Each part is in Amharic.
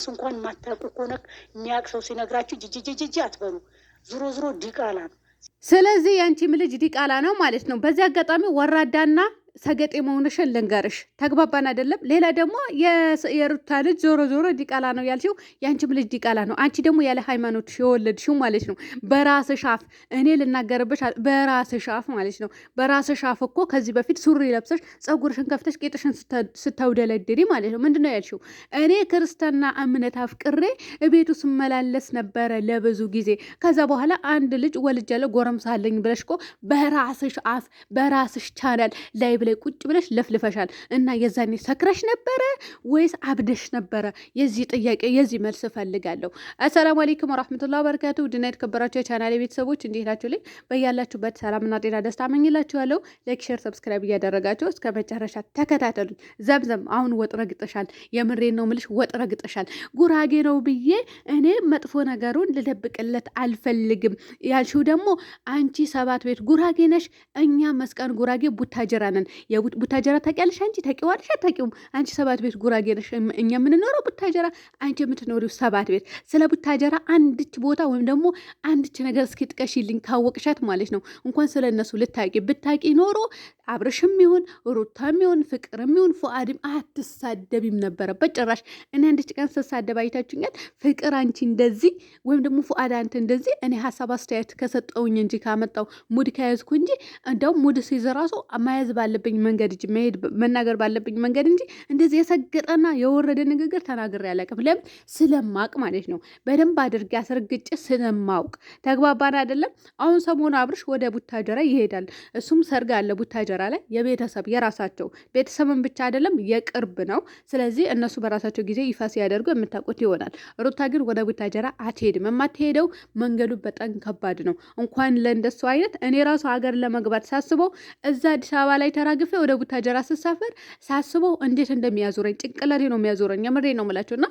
እሱ እንኳን የማታውቁ ከሆነ የሚያውቅ ሰው ሲነግራችሁ ጅጅጅጅ አትበሉ። ዞሮ ዞሮ ዲቃላ ነው። ስለዚህ የአንቺም ልጅ ዲቃላ ነው ማለት ነው። በዚህ አጋጣሚ ወራዳና ሰገጤ መሆንሽን ልንገርሽ። ተግባባን አይደለም? ሌላ ደግሞ የሩታ ልጅ ዞሮ ዞሮ ዲቃላ ነው ያልሽው፣ የአንቺም ልጅ ዲቃላ ነው። አንቺ ደግሞ ያለ ሃይማኖት የወለድሽው ማለት ነው። በራስ ሻፍ እኔ ልናገርብሽ፣ በራስ ሻፍ ማለት ነው። በራስ ሻፍ እኮ ከዚህ በፊት ሱሪ ለብሰሽ ፀጉርሽን ከፍተሽ ቄጥሽን ስተውደለድሪ ማለት ነው። ምንድን ነው ያልሽው? እኔ ክርስትና እምነት አፍቅሬ ቤቱ ስመላለስ ነበረ ለብዙ ጊዜ። ከዛ በኋላ አንድ ልጅ ወልጃለሁ ጎረምሳለኝ ብለሽ እኮ በራስሽ አፍ በራስሽ ቻናል ላይ ላይ ብላይ ቁጭ ብለሽ ለፍልፈሻል እና የዛኔ ሰክረሽ ነበረ ወይስ አብደሽ ነበረ? የዚህ ጥያቄ የዚህ መልስ እፈልጋለሁ። አሰላሙ አሌይኩም ወራህመቱላ በረካቱ ድና የተከበራቸው የቻናል ቤተሰቦች እንዴት ናቸው? ላይ በያላችሁበት ሰላምና ጤና ደስታ አመኝላችኋለሁ። ላይክ፣ ሼር፣ ሰብስክራይብ እያደረጋቸው እስከ መጨረሻ ተከታተሉኝ። ዘምዘም አሁን ወጥ ረግጠሻል። የምሬን ነው ምልሽ ወጥ ረግጠሻል። ጉራጌ ነው ብዬ እኔ መጥፎ ነገሩን ልደብቅለት አልፈልግም። ያልሽው ደግሞ አንቺ ሰባት ቤት ጉራጌ ነሽ፣ እኛ መስቀን ጉራጌ ቡታጅራ ነን። ቡታጀራ ታውቂያለሽ? አንቺ ታውቂዋለሽ? አታውቂውም? አንቺ ሰባት ቤት ጉራጌ ነሽ። እኛ የምንኖረው ቡታጀራ፣ አንቺ የምትኖሪው ሰባት ቤት። ስለ ቡታጀራ አንድች ቦታ ወይም ደግሞ አንድች ነገር እስኪ ጥቀሽልኝ ካወቅሻት ማለት ነው። እንኳን ስለ እነሱ ልታቂ ብታቂ ኖሮ አብርሽም ይሁን ሩታም ይሁን ፍቅርም ይሁን ፉአድም አትሳደቢም ነበረ በጭራሽ። እኔ አንድች ቀን ስሳደብ አይታችሁኛል? ፍቅር አንቺ እንደዚህ ወይም ደግሞ ፉአድ አንተ እንደዚህ እኔ ሀሳብ አስተያየት ከሰጠውኝ እንጂ ካመጣው ሙድ ከያዝኩ እንጂ እንደውም ሙድ ሲይዘ ራሱ መያዝ ባለ ባለብኝ መንገድ እንጂ መሄድ መናገር ባለብኝ መንገድ እንጂ እንደዚህ የሰገጠና የወረደ ንግግር ተናግሬ አላውቅም። ለምን ስለማውቅ ማለት ነው። በደንብ አድርጌ አስረግጬ ስለማውቅ ተግባባን አይደለም። አሁን ሰሞኑ አብርሽ ወደ ቡታጀራ ይሄዳል። እሱም ሰርግ አለ ቡታጀራ ላይ የቤተሰብ የራሳቸው ቤተሰብን ብቻ አይደለም የቅርብ ነው። ስለዚህ እነሱ በራሳቸው ጊዜ ይፋ ሲያደርጉ የምታውቁት ይሆናል። ሩታ ግን ወደ ቡታጀራ አትሄድም። የማትሄደው መንገዱ በጣም ከባድ ነው። እንኳን ለእንደሱ አይነት እኔ ራሱ ሀገር ለመግባት ሳስበው እዛ አዲስ አበባ ላይ ተራ አራግፌ ወደ ቡታጀራ ስሳፈር ሳስበው እንዴት እንደሚያዞረኝ ጭንቅላቴ ነው የሚያዞረኝ። የምሬ ነው የምላቸው እና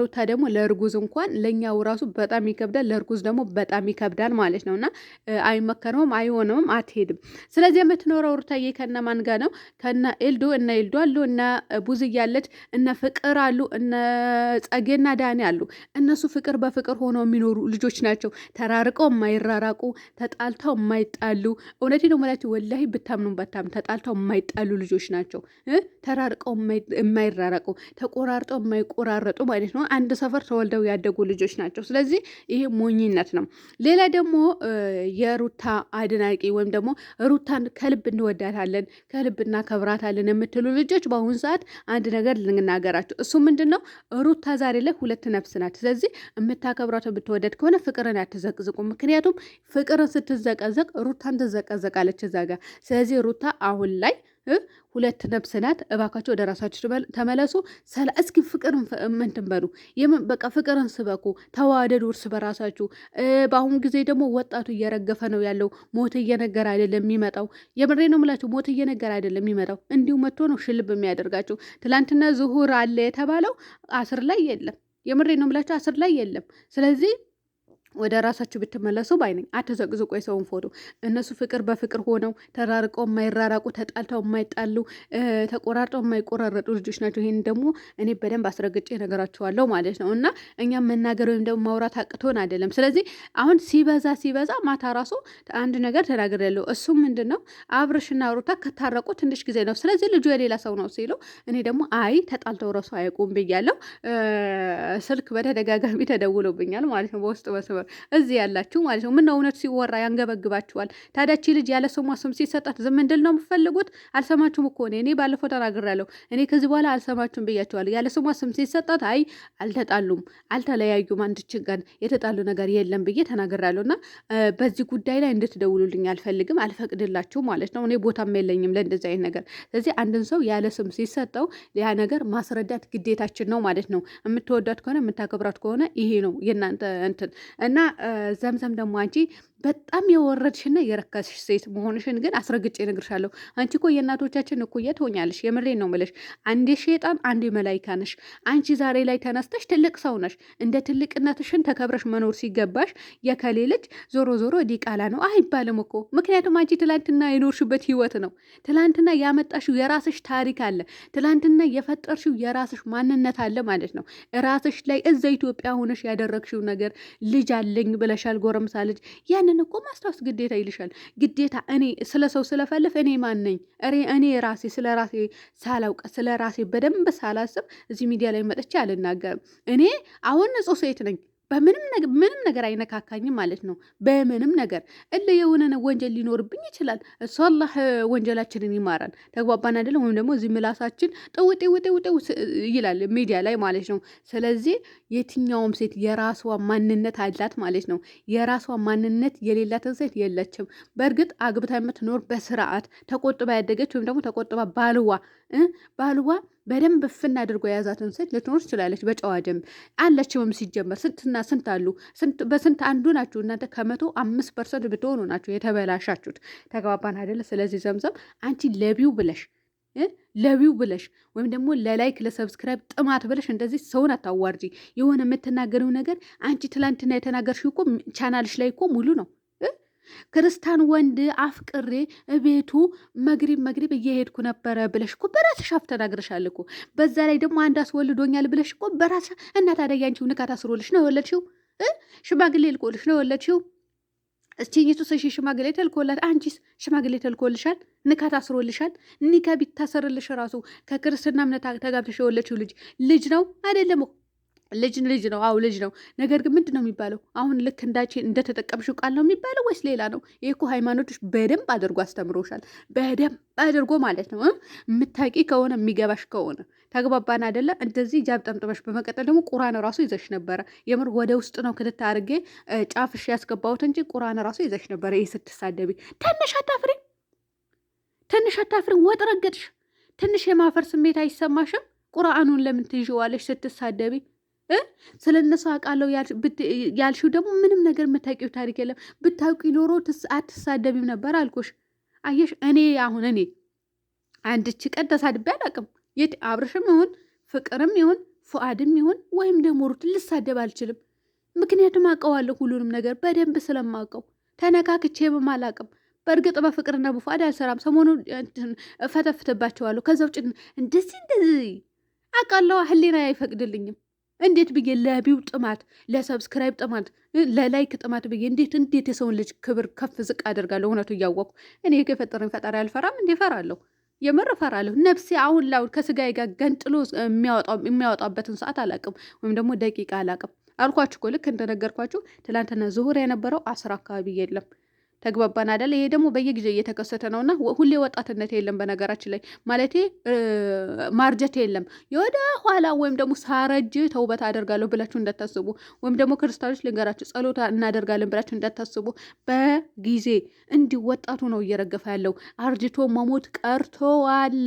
ሩታ ደግሞ ለእርጉዝ እንኳን ለእኛው ራሱ በጣም ይከብዳል፣ ለእርጉዝ ደግሞ በጣም ይከብዳል ማለት ነው እና አይመከረውም፣ አይሆነውም፣ አትሄድም። ስለዚህ የምትኖረው ሩታዬ ከነ ማን ጋ ነው? ከነ ኤልዶ እነ ኤልዶ አሉ፣ እነ ቡዝ እያለች እነ ፍቅር አሉ፣ እነ ጸጌና ዳኔ አሉ። እነሱ ፍቅር በፍቅር ሆነው የሚኖሩ ልጆች ናቸው። ተራርቀው የማይራራቁ ተጣልተው የማይጣሉ እውነቴ ነው የምላቸው ወላሂ ብታምኑም በታም ተጣልተው የማይጣሉ ልጆች ናቸው። ተራርቀው የማይራረቁ ተቆራርጠው የማይቆራረጡ ማለት ነው። አንድ ሰፈር ተወልደው ያደጉ ልጆች ናቸው። ስለዚህ ይሄ ሞኝነት ነው። ሌላ ደግሞ የሩታ አድናቂ ወይም ደግሞ ሩታን ከልብ እንወዳታለን ከልብ እናከብራታለን የምትሉ ልጆች በአሁኑ ሰዓት አንድ ነገር ልንናገራቸው፣ እሱ ምንድን ነው? ሩታ ዛሬ ላይ ሁለት ነፍስ ናት። ስለዚህ የምታከብራት የምትወደድ ከሆነ ፍቅርን አትዘቅዝቁ። ምክንያቱም ፍቅርን ስትዘቀዘቅ ሩታን ትዘቀዘቃለች እዛ ጋር። ስለዚህ ሩታ አሁን ላይ ሁለት ነፍስ ናት። ወደ ራሳችሁ ተመለሱ። እስኪ ፍቅርን ምንትን በሉ፣ በቃ ፍቅርን ስበኩ፣ ተዋደዱ እርስ በራሳችሁ። በአሁኑ ጊዜ ደግሞ ወጣቱ እየረገፈ ነው ያለው። ሞት እየነገር አይደለም የሚመጣው። የምሬ ነው የምላችሁ፣ ሞት እየነገር አይደለም የሚመጣው። እንዲሁ መጥቶ ነው ሽልብ የሚያደርጋችሁ። ትላንትና ዝሁር አለ የተባለው አስር ላይ የለም። የምሬ ነው የምላችሁ፣ አስር ላይ የለም። ስለዚህ ወደ ራሳችሁ ብትመለሱ ባይ ነኝ። የሰውን ፎቶ። እነሱ ፍቅር በፍቅር ሆነው ተራርቀው የማይራራቁ ተጣልተው የማይጣሉ ተቆራርጠው የማይቆራረጡ ልጆች ናቸው። ይህን ደግሞ እኔ በደንብ አስረግጬ ነገራችኋለሁ ማለት ነው። እና እኛም መናገር ወይም ደግሞ ማውራት አቅቶን አይደለም። ስለዚህ አሁን ሲበዛ ሲበዛ ማታ ራሱ አንድ ነገር ያለው እሱም ምንድን ነው አብርሽና ሩታ ከታረቁ ትንሽ ጊዜ ነው። ስለዚህ ልጁ የሌላ ሰው ነው ሲሉ እኔ ደግሞ አይ ተጣልተው ረሱ አይቁም ብያለሁ። ስልክ በተደጋጋሚ ተደውሎብኛል ማለት ነው በውስጥ በስበ እዚህ ያላችሁ ማለት ነው። ምነው እውነት ሲወራ ያንገበግባችኋል። ታዳቺ ልጅ ያለ ስሟ ስም ሲሰጣት ዝም እንድል ነው የምፈልጉት? አልሰማችሁም እኮ እኔ እኔ ባለፈው ተናግሬያለሁ። እኔ ከዚህ በኋላ አልሰማችሁም ብያችኋለሁ። ያለ ስሟ ስም ሲሰጣት አይ አልተጣሉም፣ አልተለያዩም፣ አንድ ቀን የተጣሉ ነገር የለም ብዬ ተናግሬያለሁ። እና በዚህ ጉዳይ ላይ እንድትደውሉልኝ አልፈልግም፣ አልፈቅድላችሁም ማለት ነው። እኔ ቦታም የለኝም ለእንደዚህ አይነት ነገር። ስለዚህ አንድን ሰው ያለ ስም ሲሰጠው ያ ነገር ማስረዳት ግዴታችን ነው ማለት ነው። የምትወዳት ከሆነ የምታከብራት ከሆነ ይሄ ነው የእናንተ እንትን እና ዘምዘም ደግሞ አንቺ በጣም የወረድሽና የረከስሽ ሴት መሆንሽን ግን አስረግጬ እነግርሻለሁ። አንቺ እኮ የእናቶቻችን እኩያ ትሆኛለሽ። የምሬን ነው የምልሽ። አንዴ ሼጣን፣ አንዴ መላይካ ነሽ። አንቺ ዛሬ ላይ ተነስተሽ ትልቅ ሰው ነሽ። እንደ ትልቅነትሽን ተከብረሽ መኖር ሲገባሽ የከሌ ልጅ ዞሮ ዞሮ ዲቃላ ነው አይባልም እኮ። ምክንያቱም አንቺ ትላንትና የኖርሽበት ህይወት ነው። ትላንትና ያመጣሽው የራስሽ ታሪክ አለ። ትላንትና የፈጠርሽው የራስሽ ማንነት አለ ማለት ነው። ራስሽ ላይ እዛ ኢትዮጵያ ሆነሽ ያደረግሽው ነገር ልጅ አለኝ ብለሻል ጎረምሳ ልጅ። ያንን እኮ ማስታወስ ግዴታ ይልሻል። ግዴታ እኔ ስለ ሰው ስለፈልፍ እኔ ማን ነኝ? እኔ ራሴ ስለ ራሴ ሳላውቅ ስለ ራሴ በደንብ ሳላስብ እዚህ ሚዲያ ላይ መጥቼ አልናገርም። እኔ አሁን ንጹህ ሴት ነኝ። በምንም ምንም ነገር አይነካካኝም ማለት ነው። በምንም ነገር እለ የሆነ ወንጀል ሊኖርብኝ ይችላል። እሱ አላህ ወንጀላችንን ይማራል። ተግባባን አይደለም? ወይም ደግሞ እዚህ ምላሳችን ጠውጤ ውጤ ውጤ ይላል ሚዲያ ላይ ማለት ነው። ስለዚህ የትኛውም ሴት የራሷ ማንነት አላት ማለት ነው። የራሷ ማንነት የሌላትን ሴት የለችም። በእርግጥ አግብታ የምትኖር በስርዓት ተቆጥባ ያደገች ወይም ደግሞ ተቆጥባ ባልዋ ባልዋ በደንብ እፍና አድርጎ የያዛትን ሴት ልትኖር ትችላለች። በጨዋ ደንብ አለችውም። ሲጀመር ስንትና ስንት አሉ። በስንት አንዱ ናችሁ እናንተ ከመቶ አምስት ፐርሰንት ብትሆኑ ናችሁ የተበላሻችሁት። ተግባባን አይደለ? ስለዚህ ዘምዘም አንቺ ለቢው ብለሽ ለቢው ብለሽ ወይም ደግሞ ለላይክ ለሰብስክራይብ ጥማት ብለሽ እንደዚህ ሰውን አታዋርጂ። የሆነ የምትናገሪው ነገር አንቺ ትላንትና የተናገርሽ እኮ ቻናልሽ ላይ እኮ ሙሉ ነው ክርስታን ወንድ አፍቅሬ እቤቱ መግሪብ መግሪብ እየሄድኩ ነበረ ብለሽ እኮ በራስሽ አፍ ተናግረሻል እኮ። በዛ ላይ ደግሞ አንድ አስወልዶኛል ብለሽ እኮ በራስሽ እና ታዲያ አንቺው ንካት አስሮልሽ ነው የወለድሽው። ሽማግሌ ልቆልሽ ነው የወለድሽው። እቺኝቱ ሰሺ ሽማግሌ ተልኮላት፣ አንቺስ ሽማግሌ ተልኮልሻል፣ ንካት አስሮልሻል? ኒካ ቢታሰርልሽ ራሱ ከክርስትና እምነት ተጋብተሽ የወለድሽው ልጅ ልጅ ነው አይደለም ልጅ ልጅ ነው። አው ልጅ ነው። ነገር ግን ምንድን ነው የሚባለው? አሁን ልክ እንዳች እንደተጠቀምሽው ቃል ነው የሚባለው ወይስ ሌላ ነው? ይህ እኮ ሃይማኖቶች በደንብ አድርጎ አስተምሮሻል። በደንብ አድርጎ ማለት ነው። የምታቂ ከሆነ የሚገባሽ ከሆነ ተግባባን አደለ? እንደዚህ ጃብ ጠምጥመሽ፣ በመቀጠል ደግሞ ቁራን ራሱ ይዘሽ ነበረ። የምር ወደ ውስጥ ነው ክትት አድርጌ ጫፍሽ ያስገባሁት እንጂ ቁራን ራሱ ይዘሽ ነበረ። ይህ ስትሳደቢ ትንሽ አታፍሪ? ትንሽ አታፍሪ? ወጥ ረገጥሽ። ትንሽ የማፈር ስሜት አይሰማሽም? ቁርአኑን ለምን ትይዥዋለሽ ስትሳደቢ? ስለ እነሱ አውቃለሁ ያልሽው ደግሞ ምንም ነገር የምታውቂው ታሪክ የለም። ብታውቂ ኖሮ አትሳደቢም ነበር አልኩሽ። አየሽ፣ እኔ አሁን እኔ አንድች ቀን ተሳድቤ አላውቅም። የት አብርሽም ይሁን ፍቅርም ይሁን ፉአድም ይሁን ወይም ደግሞ ሩት ልሳደብ አልችልም። ምክንያቱም አውቀዋለሁ ሁሉንም ነገር በደንብ ስለማውቀው ተነካክቼም አላውቅም። በእርግጥ በፍቅርና በፉአድ አልሰራም። ሰሞኑ እፈተፍትባቸዋለሁ። ከዛ ውጭ እንደዚህ እንደዚህ አውቃለሁ፣ ህሊና አይፈቅድልኝም። እንዴት ብዬ ለቢው ጥማት፣ ለሰብስክራይብ ጥማት፣ ለላይክ ጥማት ብዬ እንዴት እንዴት የሰውን ልጅ ክብር ከፍ ዝቅ አደርጋለሁ? እውነቱ እያወቅኩ እኔ የፈጠረኝ ፈጣሪ አልፈራም እንዲ ፈራለሁ፣ የምር ፈራለሁ። ነፍሴ አሁን ላ ከስጋዬ ጋር ገንጥሎ የሚያወጣበትን ሰዓት አላቅም፣ ወይም ደግሞ ደቂቃ አላቅም። አልኳችሁ እኮ ልክ እንደነገርኳችሁ ትላንትና ዙሁር የነበረው አስራ አካባቢ የለም ተግባባን አደለ? ይሄ ደግሞ በየጊዜው እየተከሰተ ነውና ሁሌ ወጣትነት የለም። በነገራችን ላይ ማለቴ ማርጀት የለም። የወደ ኋላ ወይም ደግሞ ሳረጅ ተውበት አደርጋለሁ ብላችሁ እንዳታስቡ፣ ወይም ደግሞ ክርስቲያኖች ልንገራችሁ፣ ጸሎታ እናደርጋለን ብላችሁ እንዳታስቡ። በጊዜ እንዲህ ወጣቱ ነው እየረገፈ ያለው። አርጅቶ መሞት ቀርቶዋል፣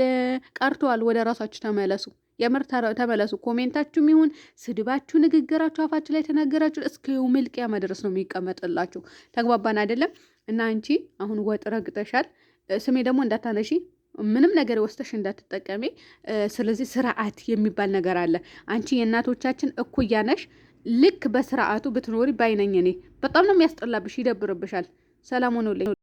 ቀርቶዋል። ወደ ራሳችሁ ተመለሱ። የምር ተመለሱ። ኮሜንታችሁም ይሁን ስድባችሁ፣ ንግግራችሁ፣ አፋችሁ ላይ ተናገራችሁ እስከ ምልቅያ መድረስ ነው የሚቀመጥላችሁ። ተግባባን አይደለም? እና አንቺ አሁን ወጥ ረግጠሻል፣ ስሜ ደግሞ እንዳታነሺ ምንም ነገር ወስደሽ እንዳትጠቀሚ። ስለዚህ ስርዓት የሚባል ነገር አለ። አንቺ የእናቶቻችን እኩያ ነሽ። ልክ በስርዓቱ ብትኖሪ ባይነኝ እኔ። በጣም ነው የሚያስጠላብሽ፣ ይደብርብሻል። ሰላም ሆኖልኝ